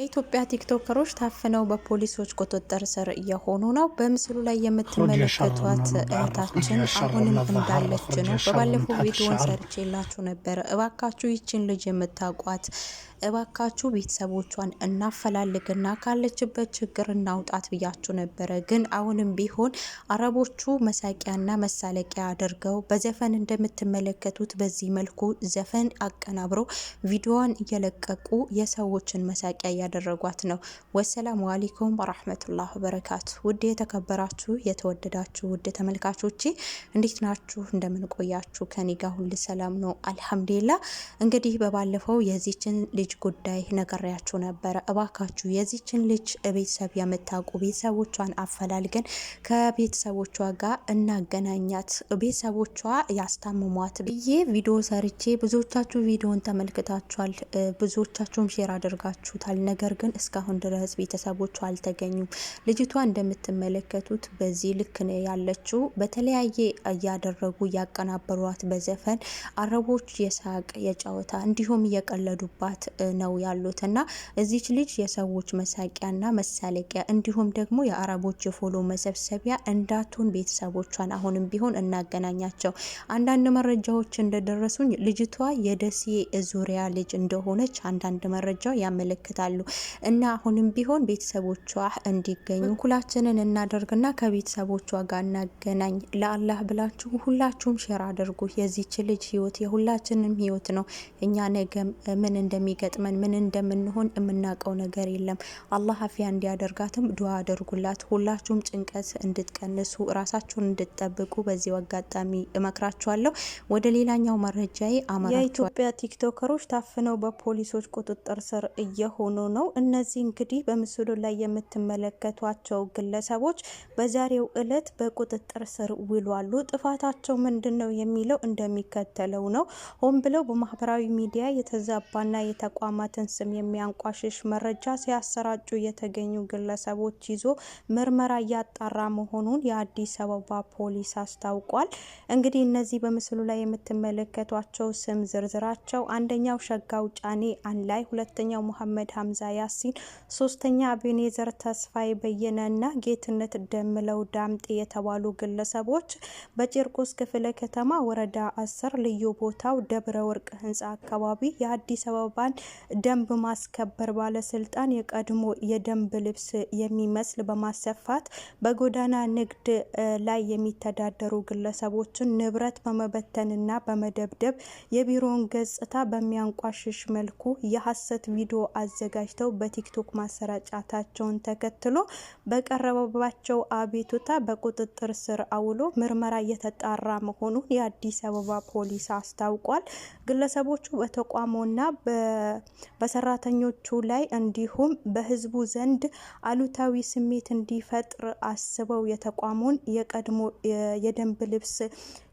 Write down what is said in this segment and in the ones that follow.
የኢትዮጵያ ቲክቶከሮች ታፍነው በፖሊሶች ቁጥጥር ስር እየሆኑ ነው። በምስሉ ላይ የምትመለከቷት እህታችን አሁንም እንዳለች ነው። በባለፈው ቪዲዮን ሰርቼላችሁ ነበር። እባካችሁ ይችን ልጅ የምታውቋት እባካችሁ ቤተሰቦቿን እናፈላልግና ካለችበት ችግር እናውጣት ብያችሁ ነበረ። ግን አሁንም ቢሆን አረቦቹ መሳቂያና መሳለቂያ አድርገው በዘፈን እንደምትመለከቱት በዚህ መልኩ ዘፈን አቀናብረው ቪዲዮዋን እየለቀቁ የሰዎችን መሳቂያ እያደረጓት ነው። ወሰላሙ አሌይኩም ወራህመቱላህ በረካቱ። ውድ የተከበራችሁ የተወደዳችሁ ውድ ተመልካቾች እንዴት ናችሁ? እንደምንቆያችሁ ቆያችሁ? ከኔ ጋር ሁል ሰላም ነው አልሐምዱሊላ። እንግዲህ በባለፈው የዚችን ልጅ ልጅ ጉዳይ ነግሬያችሁ ነበረ። እባካችሁ የዚችን ልጅ ቤተሰብ የምታውቁ ቤተሰቦቿን አፈላልገን ከቤተሰቦቿ ጋር እናገናኛት፣ ቤተሰቦቿ ያስታምሟት ብዬ ቪዲዮ ሰርቼ ብዙዎቻችሁ ቪዲዮን ተመልክታችኋል፣ ብዙዎቻችሁም ሼር አድርጋችሁታል። ነገር ግን እስካሁን ድረስ ቤተሰቦቿ አልተገኙም። ልጅቷ እንደምትመለከቱት በዚህ ልክ ነው ያለችው። በተለያየ እያደረጉ እያቀናበሯት በዘፈን አረቦች የሳቅ የጨዋታ እንዲሁም እየቀለዱባት ነው ያሉት እና እዚች ልጅ የሰዎች መሳቂያና መሳለቂያ እንዲሁም ደግሞ የአረቦች የፎሎ መሰብሰቢያ እንዳትሆን ቤተሰቦቿን አሁንም ቢሆን እናገናኛቸው። አንዳንድ መረጃዎች እንደደረሱኝ ልጅቷ የደሴ ዙሪያ ልጅ እንደሆነች አንዳንድ መረጃ ያመለክታሉ እና አሁንም ቢሆን ቤተሰቦቿ እንዲገኙ ሁላችንን እናደርግና ከቤተሰቦቿ ጋር እናገናኝ። ለአላህ ብላችሁ ሁላችሁም ሼር አድርጉ። የዚች ልጅ ህይወት የሁላችንም ህይወት ነው። እኛ ነገ ምን እንደሚገ እንደሚገጥመን ምን እንደምንሆን የምናውቀው ነገር የለም። አላህ አፊያ እንዲያደርጋትም ዱዓ አድርጉላት። ሁላችሁም ጭንቀት እንድትቀንሱ ራሳችሁን እንድትጠብቁ በዚህ አጋጣሚ እመክራችኋለሁ። ወደ ሌላኛው መረጃዬ አመራ። የኢትዮጵያ ቲክቶከሮች ታፍነው በፖሊሶች ቁጥጥር ስር እየሆኑ ነው። እነዚህ እንግዲህ በምስሉ ላይ የምትመለከቷቸው ግለሰቦች በዛሬው እለት በቁጥጥር ስር ውሏሉ። ጥፋታቸው ምንድን ነው የሚለው እንደሚከተለው ነው። ሆን ብለው በማህበራዊ ሚዲያ የተዛባና የተቋ ተቋማትን ስም የሚያንቋሽሽ መረጃ ሲያሰራጩ የተገኙ ግለሰቦች ይዞ ምርመራ እያጣራ መሆኑን የአዲስ አበባ ፖሊስ አስታውቋል። እንግዲህ እነዚህ በምስሉ ላይ የምትመለከቷቸው ስም ዝርዝራቸው አንደኛው ሸጋው ጫኔ አንላይ፣ ሁለተኛው መሐመድ ሀምዛ ያሲን፣ ሶስተኛ አቤኔዘር ተስፋዬ በየነና ጌትነት ደምለው ዳምጤ የተባሉ ግለሰቦች በቂርቆስ ክፍለ ከተማ ወረዳ አስር ልዩ ቦታው ደብረ ወርቅ ህንፃ አካባቢ የአዲስ አበባን ደንብ ማስከበር ባለስልጣን የቀድሞ የደንብ ልብስ የሚመስል በማሰፋት በጎዳና ንግድ ላይ የሚተዳደሩ ግለሰቦችን ንብረት በመበተንና በመደብደብ የቢሮውን ገጽታ በሚያንቋሽሽ መልኩ የሀሰት ቪዲዮ አዘጋጅተው በቲክቶክ ማሰራጫታቸውን ተከትሎ በቀረበባቸው አቤቱታ በቁጥጥር ስር አውሎ ምርመራ እየተጣራ መሆኑን የአዲስ አበባ ፖሊስ አስታውቋል። ግለሰቦቹ በተቋሙና በሰራተኞቹ ላይ እንዲሁም በህዝቡ ዘንድ አሉታዊ ስሜት እንዲፈጥር አስበው የተቋሙን የቀድሞ የደንብ ልብስ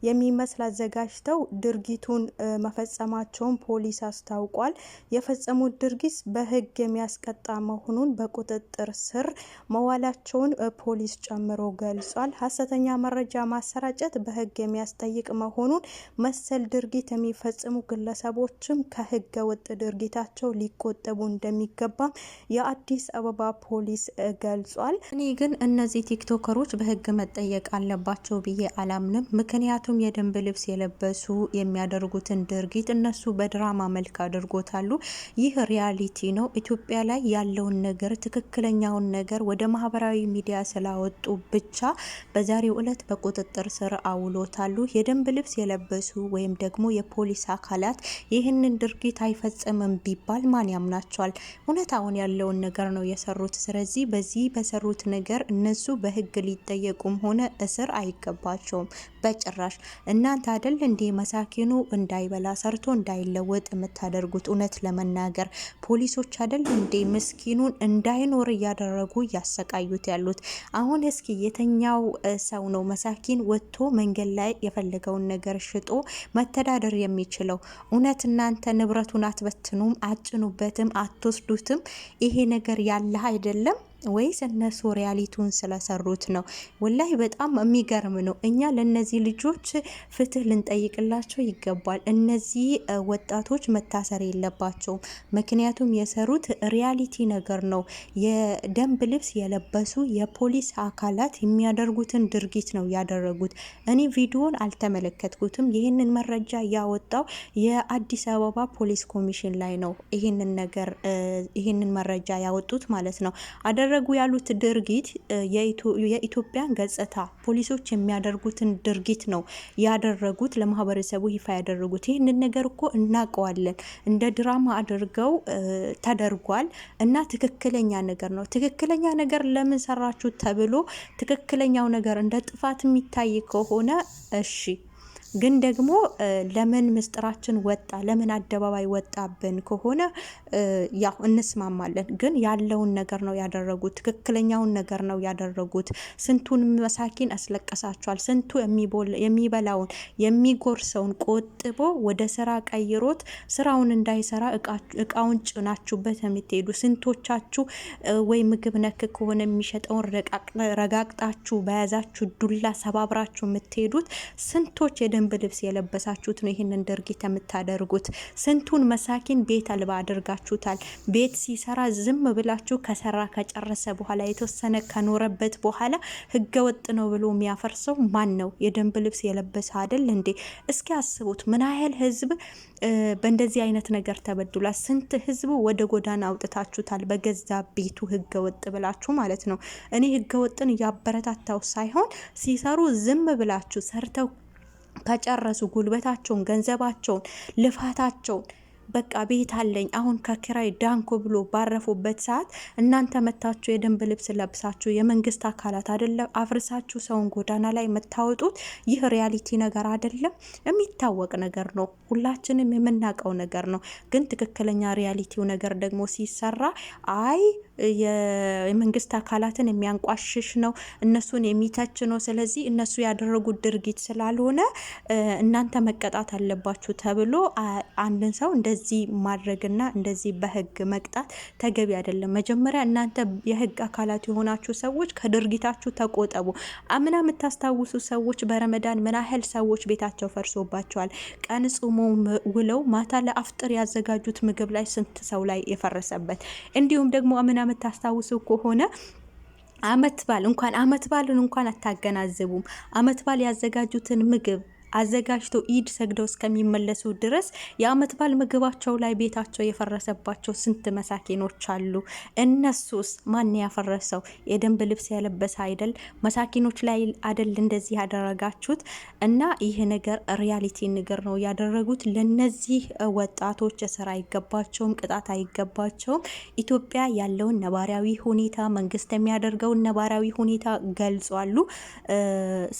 የሚመስል አዘጋጅተው ድርጊቱን መፈጸማቸውን ፖሊስ አስታውቋል። የፈጸሙት ድርጊት በህግ የሚያስቀጣ መሆኑን በቁጥጥር ስር መዋላቸውን ፖሊስ ጨምሮ ገልጿል። ሀሰተኛ መረጃ ማሰራጨት በህግ የሚያስጠይቅ መሆኑን መሰል ድርጊት የሚፈጽሙ ግለሰቦችም ከህገ ወጥ ድርጊት ድርጊታቸው ሊቆጠቡ እንደሚገባ የአዲስ አበባ ፖሊስ ገልጿል። እኔ ግን እነዚህ ቲክቶከሮች በህግ መጠየቅ አለባቸው ብዬ አላምንም። ምክንያቱም የደንብ ልብስ የለበሱ የሚያደርጉትን ድርጊት እነሱ በድራማ መልክ አድርጎታሉ። ይህ ሪያሊቲ ነው። ኢትዮጵያ ላይ ያለውን ነገር ትክክለኛውን ነገር ወደ ማህበራዊ ሚዲያ ስላወጡ ብቻ በዛሬው ዕለት በቁጥጥር ስር አውሎታሉ። የደንብ ልብስ የለበሱ ወይም ደግሞ የፖሊስ አካላት ይህንን ድርጊት አይፈጽምም ቢባል ማን ያምናቸዋል? እውነታውን ያለውን ነገር ነው የሰሩት። ስለዚህ በዚህ በሰሩት ነገር እነሱ በህግ ሊጠየቁም ሆነ እስር አይገባቸውም። በጭራሽ እናንተ አይደል እንዴ መሳኪኑ እንዳይበላ ሰርቶ እንዳይለወጥ የምታደርጉት? እውነት ለመናገር ፖሊሶች አይደል እንዴ ምስኪኑን እንዳይኖር እያደረጉ እያሰቃዩት ያሉት? አሁን እስኪ የተኛው ሰው ነው መሳኪን ወጥቶ መንገድ ላይ የፈለገውን ነገር ሽጦ መተዳደር የሚችለው? እውነት እናንተ ንብረቱን አትበትኑም፣ አጭኑበትም፣ አትወስዱትም? ይሄ ነገር ያለ አይደለም። ወይስ እነሱ ሪያሊቲውን ስለሰሩት ነው? ወላይ በጣም የሚገርም ነው። እኛ ለእነዚህ ልጆች ፍትህ ልንጠይቅላቸው ይገባል። እነዚህ ወጣቶች መታሰር የለባቸውም። ምክንያቱም የሰሩት ሪያሊቲ ነገር ነው። የደንብ ልብስ የለበሱ የፖሊስ አካላት የሚያደርጉትን ድርጊት ነው ያደረጉት። እኔ ቪዲዮን አልተመለከትኩትም። ይህንን መረጃ ያወጣው የአዲስ አበባ ፖሊስ ኮሚሽን ላይ ነው ይህንን ነገር ይህንን መረጃ ያወጡት ማለት ነው አደረ እያደረጉ ያሉት ድርጊት የኢትዮጵያን ገጽታ ፖሊሶች የሚያደርጉትን ድርጊት ነው ያደረጉት፣ ለማህበረሰቡ ይፋ ያደረጉት። ይህንን ነገር እኮ እናውቀዋለን፣ እንደ ድራማ አድርገው ተደርጓል እና ትክክለኛ ነገር ነው። ትክክለኛ ነገር ለምን ሰራችሁ ተብሎ ትክክለኛው ነገር እንደ ጥፋት የሚታይ ከሆነ እሺ ግን ደግሞ ለምን ምስጢራችን ወጣ፣ ለምን አደባባይ ወጣብን ከሆነ ያው እንስማማለን። ግን ያለውን ነገር ነው ያደረጉት፣ ትክክለኛውን ነገር ነው ያደረጉት። ስንቱን መሳኪን አስለቀሳቸዋል። ስንቱ የሚበላውን የሚጎርሰውን ቆጥቦ ወደ ስራ ቀይሮት ስራውን እንዳይሰራ እቃውን ጭናችሁበት የምትሄዱ ስንቶቻችሁ ወይ ምግብ ነክ ከሆነ የሚሸጠውን ረጋግጣችሁ በያዛችሁ ዱላ ሰባብራችሁ የምትሄዱት ስንቶች የደን የደንብ ልብስ የለበሳችሁት ነው ይህንን ድርጊት የምታደርጉት። ስንቱን መሳኪን ቤት አልባ አድርጋችሁታል። ቤት ሲሰራ ዝም ብላችሁ ከሰራ ከጨረሰ በኋላ የተወሰነ ከኖረበት በኋላ ህገ ወጥ ነው ብሎ የሚያፈርሰው ማን ነው? የደንብ ልብስ የለበሰ አይደል እንዴ? እስኪ አስቡት ምን ያህል ህዝብ በእንደዚህ አይነት ነገር ተበድሏል። ስንት ህዝቡ ወደ ጎዳና አውጥታችሁታል፣ በገዛ ቤቱ ህገ ወጥ ብላችሁ ማለት ነው። እኔ ህገ ወጥን እያበረታታው ሳይሆን ሲሰሩ ዝም ብላችሁ ሰርተው ከጨረሱ ጉልበታቸውን፣ ገንዘባቸውን፣ ልፋታቸውን በቃ ቤት አለኝ አሁን ከኪራይ ዳንኮ ብሎ ባረፉበት ሰዓት እናንተ መታችሁ የደንብ ልብስ ለብሳችሁ የመንግስት አካላት አይደለም አፍርሳችሁ ሰውን ጎዳና ላይ መታወጡት ይህ ሪያሊቲ ነገር አይደለም፣ የሚታወቅ ነገር ነው፣ ሁላችንም የምናውቀው ነገር ነው። ግን ትክክለኛ ሪያሊቲው ነገር ደግሞ ሲሰራ አይ የመንግስት አካላትን የሚያንቋሽሽ ነው፣ እነሱን የሚተች ነው። ስለዚህ እነሱ ያደረጉት ድርጊት ስላልሆነ እናንተ መቀጣት አለባችሁ ተብሎ አንድን ሰው እንደ እንደዚህ ማድረግና እንደዚህ በህግ መቅጣት ተገቢ አይደለም። መጀመሪያ እናንተ የህግ አካላት የሆናችሁ ሰዎች ከድርጊታችሁ ተቆጠቡ። አምና የምታስታውሱ ሰዎች በረመዳን ምን ያህል ሰዎች ቤታቸው ፈርሶባቸዋል። ቀን ጾሞ ውለው ማታ ለአፍጥር ያዘጋጁት ምግብ ላይ ስንት ሰው ላይ የፈረሰበት እንዲሁም ደግሞ አምና የምታስታውሱ ከሆነ አመት ባል እንኳን አመት ባልን እንኳን አታገናዝቡም። አመት ባል ያዘጋጁትን ምግብ አዘጋጅተው ኢድ ሰግደው እስከሚመለሱ ድረስ የአመት ባል ምግባቸው ላይ ቤታቸው የፈረሰባቸው ስንት መሳኪኖች አሉ። እነሱስ ማን ያፈረሰው? የደንብ ልብስ ያለበሰ አይደል? መሳኪኖች ላይ አደል እንደዚህ ያደረጋችሁት? እና ይህ ነገር ሪያሊቲ ነገር ነው ያደረጉት። ለነዚህ ወጣቶች ስራ አይገባቸውም፣ ቅጣት አይገባቸውም። ኢትዮጵያ ያለውን ነባራዊ ሁኔታ መንግስት የሚያደርገውን ነባራዊ ሁኔታ ገልጿሉ።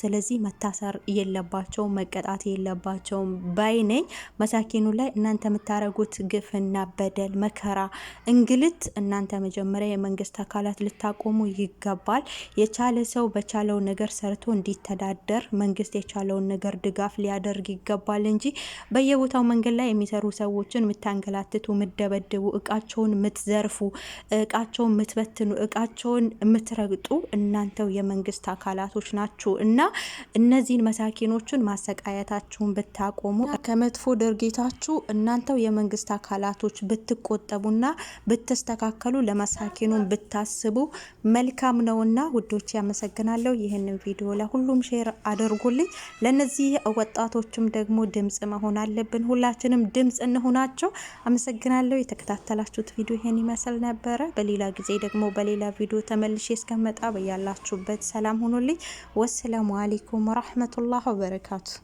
ስለዚህ መታሰር የለባቸውም። መቀጣት የለባቸውም ባይ ነኝ። መሳኪኑ ላይ እናንተ የምታደርጉት ግፍና በደል፣ መከራ፣ እንግልት እናንተ መጀመሪያ የመንግስት አካላት ልታቆሙ ይገባል። የቻለ ሰው በቻለው ነገር ሰርቶ እንዲተዳደር መንግስት የቻለውን ነገር ድጋፍ ሊያደርግ ይገባል እንጂ በየቦታው መንገድ ላይ የሚሰሩ ሰዎችን የምታንገላትቱ፣ የምደበድቡ፣ እቃቸውን የምትዘርፉ፣ እቃቸውን የምትበትኑ፣ እቃቸውን የምትረግጡ እናንተው የመንግስት አካላቶች ናችሁ እና እነዚህን መሳኪኖችን ማስ ማሰቃየታችሁን ብታቆሙ ከመጥፎ ድርጊታችሁ እናንተው የመንግስት አካላቶች ብትቆጠቡና ብትስተካከሉ ለመሳኪኑን ብታስቡ መልካም ነውና ውዶች ያመሰግናለሁ። ይህንን ቪዲዮ ለሁሉም ሼር አድርጉልኝ። ለነዚህ ወጣቶችም ደግሞ ድምጽ መሆን አለብን። ሁላችንም ድምጽ እንሆናቸው። አመሰግናለሁ። የተከታተላችሁት ቪዲዮ ይህን ይመስል ነበረ። በሌላ ጊዜ ደግሞ በሌላ ቪዲዮ ተመልሼ እስከመጣ በያላችሁበት ሰላም ሁኑልኝ። ወሰላሙ አሌይኩም ወራህመቱላህ ወበረካቱ